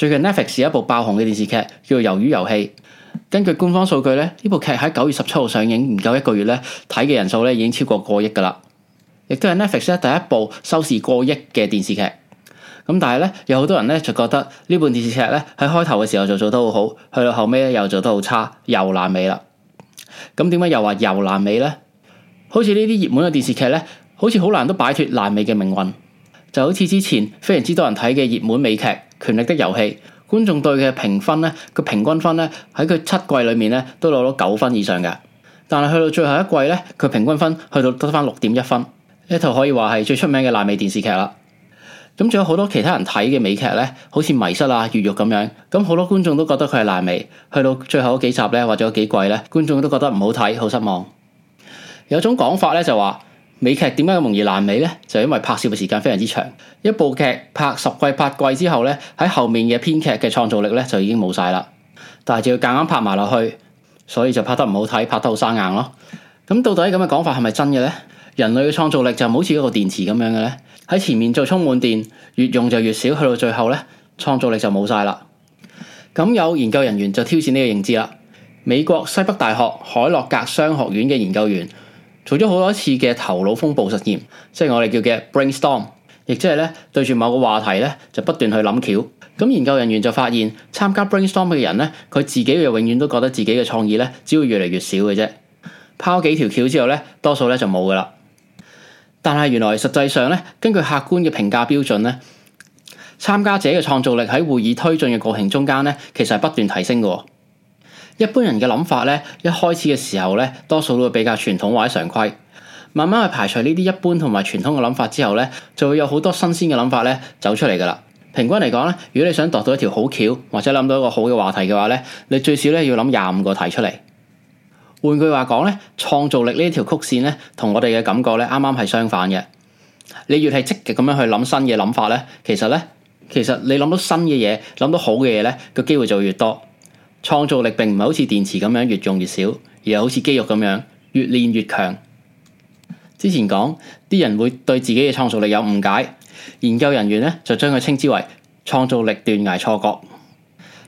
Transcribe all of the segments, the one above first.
最近 Netflix 一部爆紅嘅電視劇叫做《魷魚遊戲》，根據官方數據咧，呢部劇喺九月十七號上映，唔夠一個月咧，睇嘅人數咧已經超過過億噶啦，亦都係 Netflix 第一部收視過億嘅電視劇。咁但係咧，有好多人咧就覺得呢部電視劇咧喺開頭嘅時候就做得好好，去到後尾咧又做得好差，又爛尾啦。咁點解又話又爛尾咧？好似呢啲熱門嘅電視劇咧，好似好難都擺脫爛尾嘅命運，就是、好似之前非常之多人睇嘅熱門美劇。權力的遊戲觀眾對嘅評分咧，佢平均分咧喺佢七季裏面咧都攞到九分以上嘅，但係去到最後一季咧，佢平均分去到得返六點一分，呢套可以話係最出名嘅爛尾電視劇啦。咁仲有好多其他人睇嘅美劇咧，好似迷失啊、越獄咁樣，咁好多觀眾都覺得佢係爛尾，去到最後幾集咧或者幾季咧，觀眾都覺得唔好睇，好失望。有種講法咧就話，美劇點解咁容易爛尾呢？就因為拍攝嘅時間非常之長，一部劇拍十季八季之後呢，喺後面嘅編劇嘅創造力呢就已經冇晒啦。但係就要夾硬拍埋落去，所以就拍得唔好睇，拍得好生硬咯。咁到底咁嘅講法係咪真嘅呢？人類嘅創造力就唔好似一個電池咁樣嘅呢。喺前面做充滿電，越用就越少，去到最後呢，創造力就冇晒啦。咁有研究人員就挑戰呢個認知啦。美國西北大學海洛格商學院嘅研究員。做咗好多次嘅頭腦風暴實驗，即係我哋叫嘅 brainstorm，亦即係咧對住某個話題咧就不斷去諗橋。咁研究人員就發現，參加 brainstorm 嘅人咧，佢自己又永遠都覺得自己嘅創意咧，只會越嚟越少嘅啫。拋幾條橋之後咧，多數咧就冇噶啦。但係原來實際上咧，根據客觀嘅評價標準咧，參加者嘅創造力喺會議推進嘅過程中間咧，其實係不斷提升嘅。一般人嘅諗法咧，一開始嘅時候咧，多數都會比較傳統或者常規。慢慢去排除呢啲一般同埋傳統嘅諗法之後咧，就會有好多新鮮嘅諗法咧走出嚟噶啦。平均嚟講咧，如果你想度到一條好橋或者諗到一個好嘅話題嘅話咧，你最少咧要諗廿五個題出嚟。換句話講咧，創造力呢一條曲線咧，同我哋嘅感覺咧，啱啱係相反嘅。你越係積極咁樣去諗新嘅諗法咧，其實咧，其實你諗到新嘅嘢，諗到好嘅嘢咧，個機會就會越多。創造力並唔係好似電池咁樣越用越少，而係好似肌肉咁樣越練越強。之前講啲人會對自己嘅創造力有誤解，研究人員咧就將佢稱之為創造力斷崖錯覺。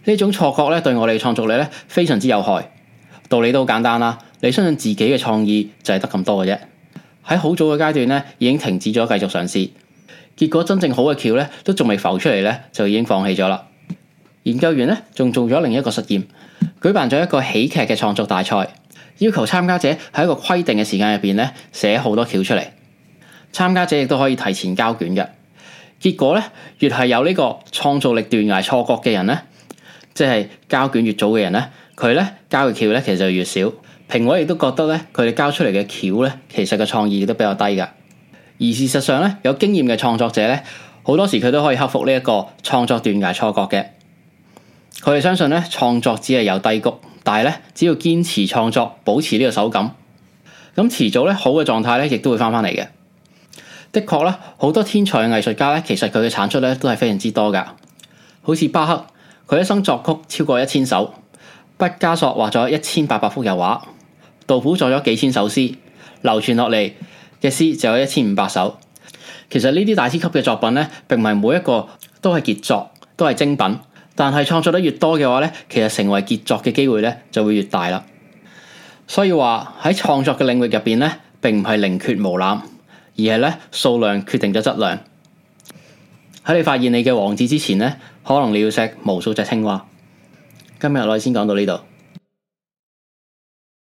呢種錯覺咧對我哋嘅創造力咧非常之有害。道理都好簡單啦，你相信自己嘅創意就係得咁多嘅啫，喺好早嘅階段咧已經停止咗繼續嘗試，結果真正好嘅橋咧都仲未浮出嚟，咧就已經放棄咗啦。研究員咧，仲做咗另一個實驗，舉辦咗一個喜劇嘅創作大賽，要求參加者喺一個規定嘅時間入邊咧寫好多橋出嚟。參加者亦都可以提前交卷嘅。結果咧，越係有呢個創造力斷崖錯覺嘅人咧，即係交卷越早嘅人咧，佢咧交嘅橋咧其實就越少。評委亦都覺得咧，佢哋交出嚟嘅橋咧，其實個創意亦都比較低噶。而事實上咧，有經驗嘅創作者咧，好多時佢都可以克服呢一個創作斷崖錯覺嘅。.佢哋相信咧，創作只係有低谷，但係咧，只要堅持創作，保持呢個手感，咁遲早咧好嘅狀態咧，亦都會翻返嚟嘅。的確啦，好多天才嘅藝術家咧，其實佢嘅產出咧都係非常之多噶。好似巴克，佢一生作曲超過一千首；畢加索畫咗一千八百幅油畫；杜甫作咗幾千首詩，流傳落嚟嘅詩就有一千五百首。其實呢啲大師級嘅作品咧，並唔係每一個都係傑作，都係精品。但係創作得越多嘅話咧，其實成為傑作嘅機會咧就會越大啦。所以話喺創作嘅領域入邊咧，並唔係寧缺毋濫，而係咧數量決定咗質量。喺你發現你嘅王子之前咧，可能你要錫無數隻青蛙。今日我哋先講到呢度。